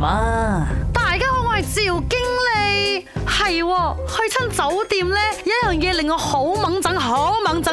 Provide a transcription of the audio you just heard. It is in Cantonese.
媽媽大家好，我係趙經理，係、哦、去親酒店咧，有一樣嘢令我好猛憎，好猛憎。